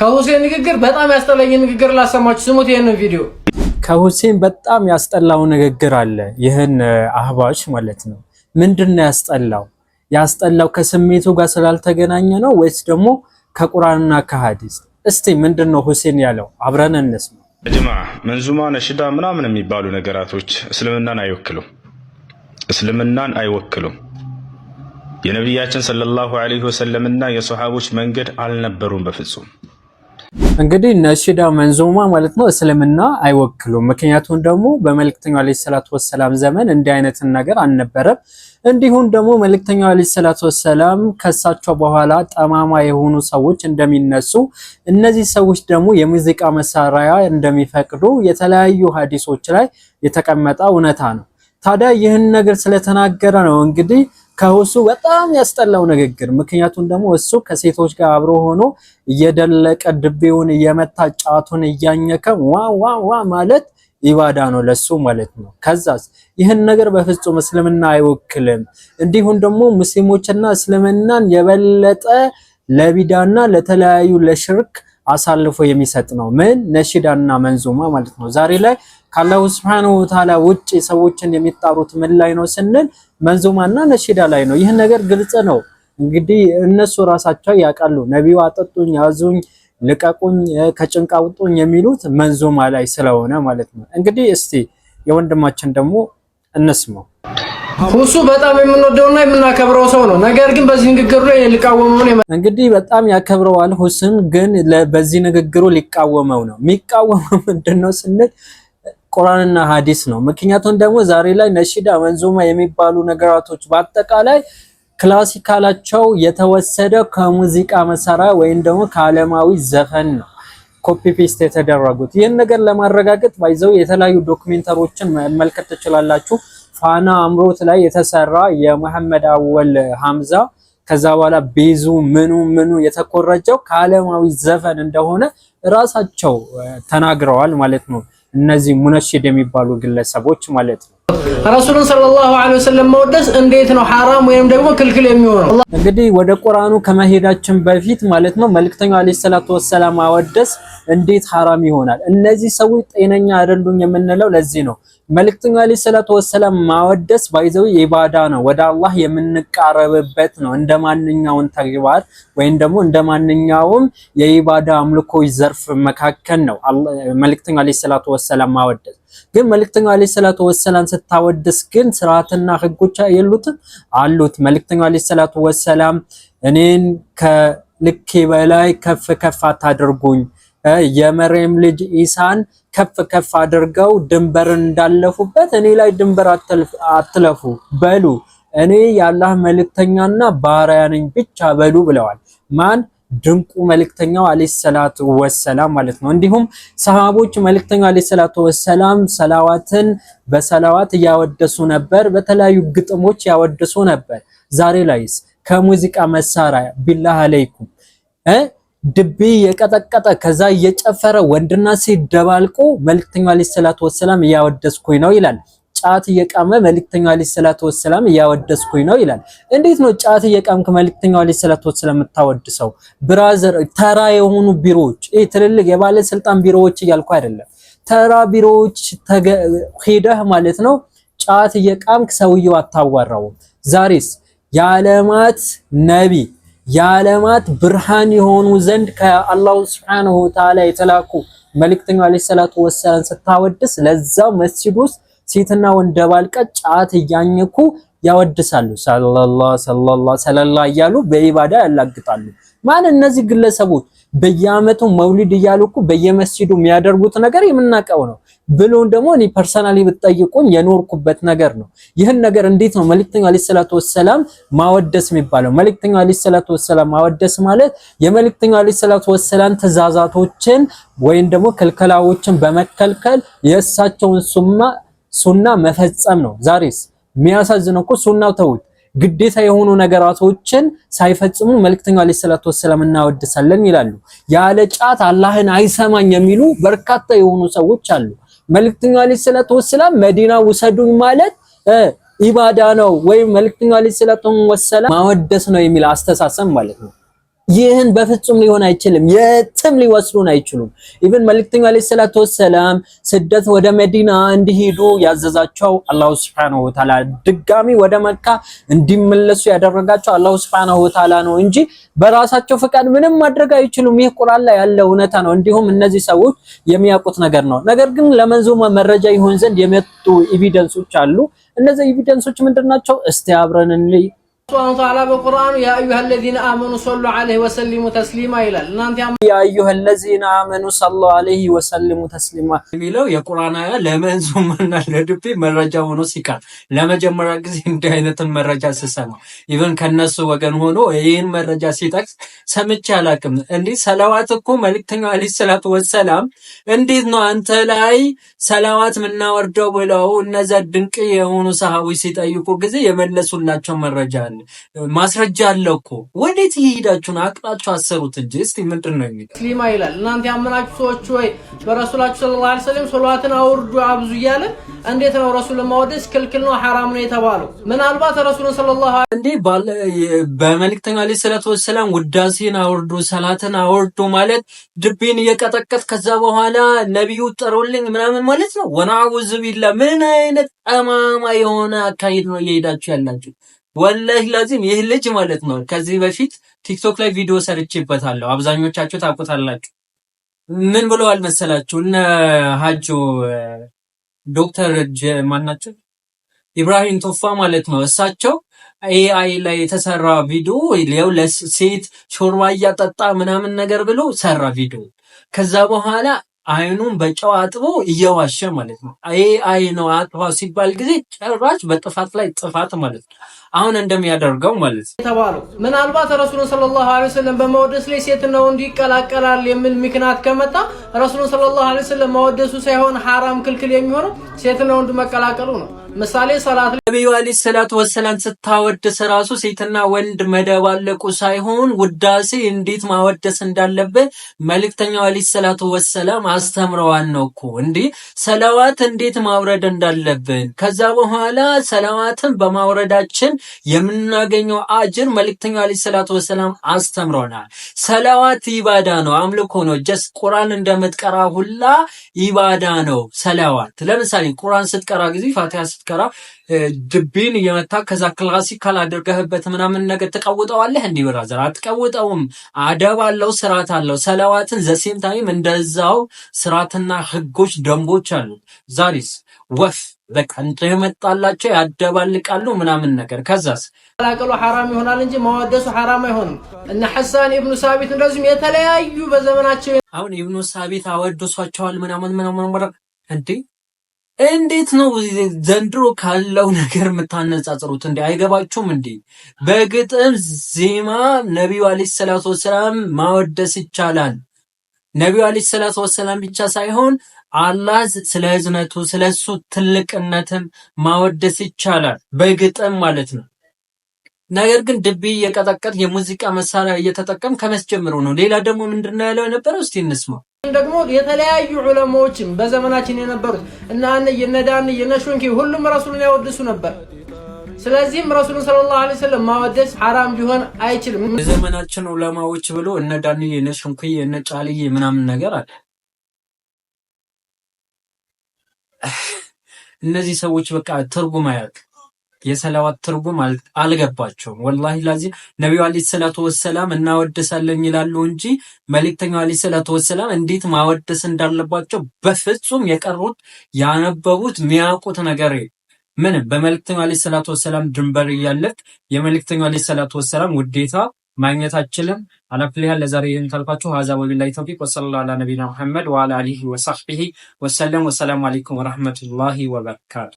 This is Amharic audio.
ከሁሴን ንግግር በጣም ያስጠላኝ ንግግር ላሰማችሁ፣ ስሙት ይሄንን ቪዲዮ። ከሁሴን በጣም ያስጠላው ንግግር አለ። ይህን አህባሽ ማለት ነው። ምንድን ነው ያስጠላው? ያስጠላው ከስሜቱ ጋር ስላልተገናኘ ነው ወይስ ደግሞ ከቁርአንና ከሐዲስ? እስቲ ምንድን ነው ሁሴን ያለው አብረን እንስማ። ጅማ መንዙማ፣ ነሽዳ ምናምን የሚባሉ ነገራቶች እስልምናን አይወክሉም። እስልምናን አይወክሉም። የነቢያችን ሰለላሁ ዐለይሂ ወሰለምና የሰሃቦች መንገድ አልነበሩም በፍጹም እንግዲህ ነሺዳ መንዙማ ማለት ነው እስልምና አይወክሉም። ምክንያቱም ደግሞ በመልክተኛው አለይሂ ሰላቱ ወሰላም ዘመን እንዲህ አይነትን ነገር አልነበረም። እንዲሁም ደግሞ መልክተኛው አለይሂ ሰላቱ ወሰላም ከሳቸው በኋላ ጠማማ የሆኑ ሰዎች እንደሚነሱ፣ እነዚህ ሰዎች ደግሞ የሙዚቃ መሳሪያ እንደሚፈቅዱ የተለያዩ ሀዲሶች ላይ የተቀመጠ እውነታ ነው። ታዲያ ይህን ነገር ስለተናገረ ነው እንግዲህ ከሁሱ በጣም ያስጠላው ንግግር። ምክንያቱም ደግሞ እሱ ከሴቶች ጋር አብሮ ሆኖ እየደለቀ ድቤውን እየመታ ጫቱን እያኘከ ዋ ዋ ዋ ማለት ኢባዳ ነው ለሱ ማለት ነው። ከዛስ ይህን ነገር በፍጹም እስልምና አይወክልም። እንዲሁም ደግሞ ሙስሊሞችና እስልምናን የበለጠ ለቢዳና ለተለያዩ ለሽርክ አሳልፎ የሚሰጥ ነው። ምን ነሽዳና መንዙማ ማለት ነው ዛሬ ላይ ከአላሁ ስብሐነሁ ወተዓላ ውጭ ሰዎችን የሚጣሩት ምን ላይ ነው ስንል መንዙማና ነሺዳ ላይ ነው። ይህ ነገር ግልጽ ነው። እንግዲህ እነሱ ራሳቸው ያውቃሉ። ነቢዩ አጠጡኝ፣ ያዙኝ፣ ልቀቁኝ፣ ከጭንቃውጡኝ የሚሉት መንዙማ ላይ ስለሆነ ማለት ነው። እንግዲህ እስቲ የወንድማችን ደግሞ እንስማው። ሁሱ በጣም የምንወደውና የምናከብረው ሰው ነው። ነገር ግን በዚህ ንግግሩ ላይ ሊቃወመው ነው። እንግዲህ በጣም ያከብረዋል ሁስን፣ ግን በዚህ ንግግሩ ሊቃወመው ነው። የሚቃወመው ምንድን ነው ስንል ቁርአንና ሀዲስ ነው። ምክንያቱም ደግሞ ዛሬ ላይ ነሺዳ መንዙማ የሚባሉ ነገራቶች በአጠቃላይ ክላሲካላቸው የተወሰደ ከሙዚቃ መሳሪያ ወይም ደግሞ ከዓለማዊ ዘፈን ነው ኮፒ ፔስት የተደረጉት። ይህን ነገር ለማረጋገጥ ባይዘው የተለያዩ ዶክሜንተሮችን መመልከት ትችላላችሁ። ፋና አምሮት ላይ የተሰራ የመሐመድ አወል ሀምዛ ከዛ በኋላ ቤዙ ምኑ ምኑ የተኮረጀው ከዓለማዊ ዘፈን እንደሆነ ራሳቸው ተናግረዋል ማለት ነው። እነዚህ ሙነሺድ የሚባሉ ግለሰቦች ማለት ነው። ረሱሉን ሰለላሁ ዐለይሂ ወሰለም መወደስ እንዴት ነው ሐራም ወይም ደግሞ ክልክል የሚሆነው? እንግዲህ ወደ ቁርአኑ ከመሄዳችን በፊት ማለት ነው መልእክተኛው አለይሂ ሰላቱ ወሰላም ማወደስ እንዴት ሐራም ይሆናል? እነዚህ ሰዎች ጤነኛ አይደሉም የምንለው ለዚህ ነው። መልእክተኛው ዓለይሂ ሰላቱ ወሰላም ማወደስ ባይዘው ኢባዳ ነው፣ ወደ አላህ የምንቃረብበት ነው። እንደ ማንኛውም ተግባር ወይም ደግሞ እንደ ማንኛውም የኢባዳ አምልኮች ዘርፍ መካከል ነው። መልእክተኛው ዓለይሂ ሰላቱ ወሰላም ማወደስ ግን መልእክተኛው ዓለይሂ ሰላቱ ወሰላም ስታወደስ ግን ስርዓትና ህጎች የሉትም አሉት። መልእክተኛው ዓለይሂ ሰላቱ ወሰላም እኔን ከልኬ በላይ ከፍ ከፍ አታድርጉኝ የመሬም ልጅ ኢሳን ከፍ ከፍ አድርገው ድንበርን እንዳለፉበት እኔ ላይ ድንበር አትለፉ በሉ እኔ የአላህ መልእክተኛና ባሪያ ነኝ ብቻ በሉ ብለዋል። ማን ድንቁ መልእክተኛው አለይሂ ሰላቱ ወሰላም ማለት ነው። እንዲሁም ሰሃቦች መልእክተኛው አለይሂ ሰላቱ ወሰላም ሰላዋትን በሰላዋት እያወደሱ ነበር፣ በተለያዩ ግጥሞች ያወደሱ ነበር። ዛሬ ላይስ ከሙዚቃ መሳሪያ ቢላህ አለይኩም ድቤ የቀጠቀጠ ከዛ እየጨፈረ ወንድና ሴት ደባልቆ መልክተኛው ዓለይሂ ሰላቱ ወሰላም እያወደስኩኝ ነው ይላል። ጫት እየቃመ መልክተኛው ዓለይሂ ሰላቱ ወሰላም እያወደስኩኝ ነው ይላል። እንዴት ነው ጫት እየቃምክ መልእክተኛው ዓለይሂ ሰላቱ ወሰላም የምታወድሰው? ብራዘር፣ ተራ የሆኑ ቢሮዎች እ ትልልቅ የባለስልጣን ቢሮዎች እያልኩ አይደለም። ተራ ቢሮዎች ሄደህ ማለት ነው ጫት እየቃምክ ሰውየው አታዋራውም። ዛሬስ የዓለማት ነቢ የዓለማት ብርሃን የሆኑ ዘንድ ከአላሁ ስብሐነሁ ተዓላ የተላኩ መልእክተኛው ዓለይሂ ሰላቱ ወሰላም ስታወድስ ለዛው መስጂድ ውስጥ ሴትና ወንድ ደባልቀው ጫት እያኘኩ ያወድሳሉ። ሰለላ ሰለላ ሰለላ እያሉ በኢባዳ ያላግጣሉ። ማን እነዚህ ግለሰቦች? በየአመቱ መውሊድ እያሉ እኮ በየመስጂዱ የሚያደርጉት ነገር የምናውቀው ነው። ብሎን ደግሞ እኔ ፐርሰናሊ ብትጠይቁኝ የኖርኩበት ነገር ነው። ይህን ነገር እንዴት ነው መልእክተኛው አለይሂ ሰላቱ ወሰላም ማወደስ የሚባለው? መልእክተኛው አለይሂ ሰላቱ ወሰላም ማወደስ ማለት የመልእክተኛው አለይሂ ሰላቱ ወሰላም ትእዛዛቶችን ወይም ደግሞ ክልከላዎችን በመከልከል የእሳቸውን ሱና መፈጸም ነው። ዛሬስ የሚያሳዝነው እኮ ሱናው ተውት ግዴታ የሆኑ ነገራቶችን ሳይፈጽሙ መልእክተኛው አለይሂ ሰላቱ ወሰለም እናወድሳለን ይላሉ። ያለ ጫት አላህን አይሰማኝ የሚሉ በርካታ የሆኑ ሰዎች አሉ። መልክተኛ አለይሂ ሰላቱ ወሰለም መዲና ውሰዱኝ ማለት ኢባዳ ነው ወይም መልእክተኛው አለይሂ ሰላቱ ወሰለም ማወደስ ነው የሚል አስተሳሰብ ማለት ነው። ይህን በፍጹም ሊሆን አይችልም። የትም ሊወስዱን አይችሉም። ኢቭን መልእክተኛው አለይሂ ሰላቱ ወሰላም ስደት ወደ መዲና እንዲሄዱ ያዘዛቸው አላሁ ሱብሓነሁ ወተዓላ፣ ድጋሚ ወደ መካ እንዲመለሱ ያደረጋቸው አላሁ ሱብሓነሁ ወተዓላ ነው እንጂ በራሳቸው ፈቃድ ምንም ማድረግ አይችሉም። ይህ ቁርአን ላይ ያለ እውነታ ነው። እንዲሁም እነዚህ ሰዎች የሚያውቁት ነገር ነው። ነገር ግን ለመንዙማ መረጃ ይሆን ዘንድ የመጡ ኤቪደንሶች አሉ። እነዚህ ኤቪደንሶች ምንድናቸው? እስቲ አብረን ሱብሃነ ወተዓላ በቁርአኑ ያ አዩሀ ለዚነ አመኑ ሰሉ ዐለይሂ ወሰሊሙ ተስሊማ ይላል። እናንተ ያ አዩሀ ለዚነ አመኑ ሰሉ ዐለይሂ ወሰሊሙ ተስሊማ የሚለው የቁርአን አያ ለመንዙማና ለድቤ መረጃ ሆኖ ሲቀር ለመጀመሪያ ጊዜ እንዲህ አይነትን መረጃ ስሰማ ኢቨን ከነሱ ወገን ሆኖ ይህን መረጃ ሲጠቅስ ሰምቼ አላውቅም። እንዲህ ሰላዋት እኮ መልክተኛው ዐለይሂ ሰላቱ ወሰላም እንዴት ነው አንተ ላይ ሰላዋት የምናወርደው ብለው እነዛ ድንቅ የሆኑ ሰሃቦች ሲጠይቁ ጊዜ የመለሱላቸው መረጃ ነው። ማስረጃ አለ እኮ ወዴት እየሄዳችሁን? አቅጣችሁ አሰሩት እንጂ እስቲ ምንድን ነው የሚለው ሙስሊማ ይላል። እናንተ ያመናችሁ ሰዎች ወይ በረሱላችሁ ሰለላሁ ዐለይሂ ወሰለም ሶላትን አውርዱ አብዙ እያለ እንዴት ነው ረሱልን ማወደስ ክልክል ነው ሐራም ነው የተባለው? ምናልባት ረሱልን ሰለላሁ እንዴ በመልእክተኛ ዐለይሂ ሰላቱ ወሰላም ውዳሴን አውርዱ ሰላትን አውርዱ ማለት ድቤን እየቀጠቀጥ ከዛ በኋላ ነቢዩ ጠሩልኝ ምናምን ማለት ነው። ወናውዝ ቢላ ምን አይነት ጠማማ የሆነ አካሄድ ነው እየሄዳችሁ ያላችሁ? ወላሂ ላዚም ይህ ልጅ ማለት ነው ከዚህ በፊት ቲክቶክ ላይ ቪዲዮ ሰርቼበታለሁ። አብዛኞቻችሁ ታውቁታላችሁ። ምን ብለው መሰላችሁ? እነ ሀጆ ዶክተር ማናቸው ኢብራሂም ቶፋ ማለት ነው እሳቸው ኤአይ ላይ የተሰራ ቪዲዮ ው ለሴት ሾርባ እያጠጣ ምናምን ነገር ብሎ ሰራ ቪዲዮ። ከዛ በኋላ አይኑን በጨው አጥቦ እየዋሸ ማለት ነው። ይሄ አይን አጥፋ ሲባል ጊዜ ጭራሽ በጥፋት ላይ ጥፋት ማለት ነው። አሁን እንደሚያደርገው ማለት ነው የተባለው ምናልባት ረሱሉን ሰለላሁ ዐለይሂ ወሰለም በመወደስ ላይ ሴት ወንድ ይቀላቀላል የሚል ምክንያት ከመጣ ረሱሉን ሰለላሁ ዐለይሂ ወሰለም መወደሱ ሳይሆን ሐራም ክልክል የሚሆነው ሴት ወንድ መቀላቀሉ ነው። ምሳሌ ሰላት ነቢዩ አለይሂ ሰላቱ ወሰላም ስታወድስ ራሱ ሴትና ወንድ መደባለቁ ሳይሆን ውዳሴ እንዴት ማወደስ እንዳለበት መልእክተኛው አለይሂ ሰላቱ ወሰላም አስተምረዋል። ነው እኮ እንዲህ ሰላዋት እንዴት ማውረድ እንዳለብን፣ ከዛ በኋላ ሰላዋትን በማውረዳችን የምናገኘው አጅር መልእክተኛው አለይሂ ሰላቱ ወሰላም አስተምረናል። ሰላዋት ኢባዳ ነው፣ አምልኮ ነው። ጀስ ቁርአን እንደምትቀራ ሁላ ኢባዳ ነው ሰላዋት። ለምሳሌ ቁርአን ስትቀራ ጊዜ ፋቲሃ ስትቀራ ድቤን እየመታ ከዛ ክላሲካል አድርገህበት ምናምን ነገር ትቀውጠዋለህ። እንዲህ ብራዘር አትቀውጠውም። አደብ አለው፣ ስርዓት አለው። ሰለዋትን ዘሴም ታይም እንደዛው ስርዓትና ህጎች፣ ደንቦች አሉ። ዛሬስ ወፍ በቃ የመጣላቸው ያደባልቃሉ ምናምን ነገር ከዛስ ቀላቀሉ ሐራም ይሆናል እንጂ ማወደሱ ሐራም አይሆንም። እና ሐሳን ኢብኑ ሳቢት እንደዚህም የተለያዩ በዘመናቸው አሁን ኢብኑ ሳቢት አወደሷቸዋል ምናምን ምናምን እንዴ እንዴት ነው ዘንድሮ ካለው ነገር የምታነጻጽሩት? እንዲ አይገባችሁም እንዴ? በግጥም ዜማ ነቢዩ አለይሂ ሰላቱ ወሰላም ማወደስ ይቻላል። ነቢዩ አለይሂ ሰላቱ ወሰላም ብቻ ሳይሆን አላህ ስለ ህዝነቱ ስለ እሱ ትልቅነትም ማወደስ ይቻላል በግጥም ማለት ነው። ነገር ግን ድቢ እየቀጠቀጥ የሙዚቃ መሳሪያ እየተጠቀም ከመስጀምሩ ነው። ሌላ ደግሞ ምንድነው ያለው የነበረው? እስቲ እንስማ ደግሞ የተለያዩ ዑለማዎችም በዘመናችን የነበሩት እና አነ የነዳን የነሹንኪ ሁሉም ረሱሉን ያወድሱ ነበር። ስለዚህም ረሱሉን ሰለላሁ ዐለይሂ ወሰለም ማወደስ ሐራም ቢሆን አይችልም። የዘመናችን ዑለማዎች ብሎ እነ ዳን እነ ሾንኪ እነ ምናምን ነገር አለ። እነዚህ ሰዎች በቃ ትርጉም አያውቅ የሰላዋት ትርጉም አልገባቸውም። ወላሂ ላዚም ነቢዩ አለይሂ ሰላቱ ወሰላም እናወደሳለን ይላሉ እንጂ መልእክተኛው አለይሂ ሰላቱ ወሰላም እንዴት ማወደስ እንዳለባቸው በፍጹም የቀሩት ያነበቡት የሚያውቁት ነገር ምንም በመልእክተኛው አለይሂ ሰላቱ ወሰላም ድንበር እያለፍ የመልእክተኛው አለይሂ ሰላቱ ወሰላም ውዴታ ማግኘታችንም አላፍሊያ ለዛሬ ይህን ካልኳችሁ ሀዛ ወቢላሂ ተውፊቅ ወሰለላሁ ዐላ ነቢና ሙሐመድ ወዐላ አሊሂ ወሰሕቢሂ ወሰለም። ወሰላሙ አለይኩም ወረሕመቱላሂ ወበረካቱ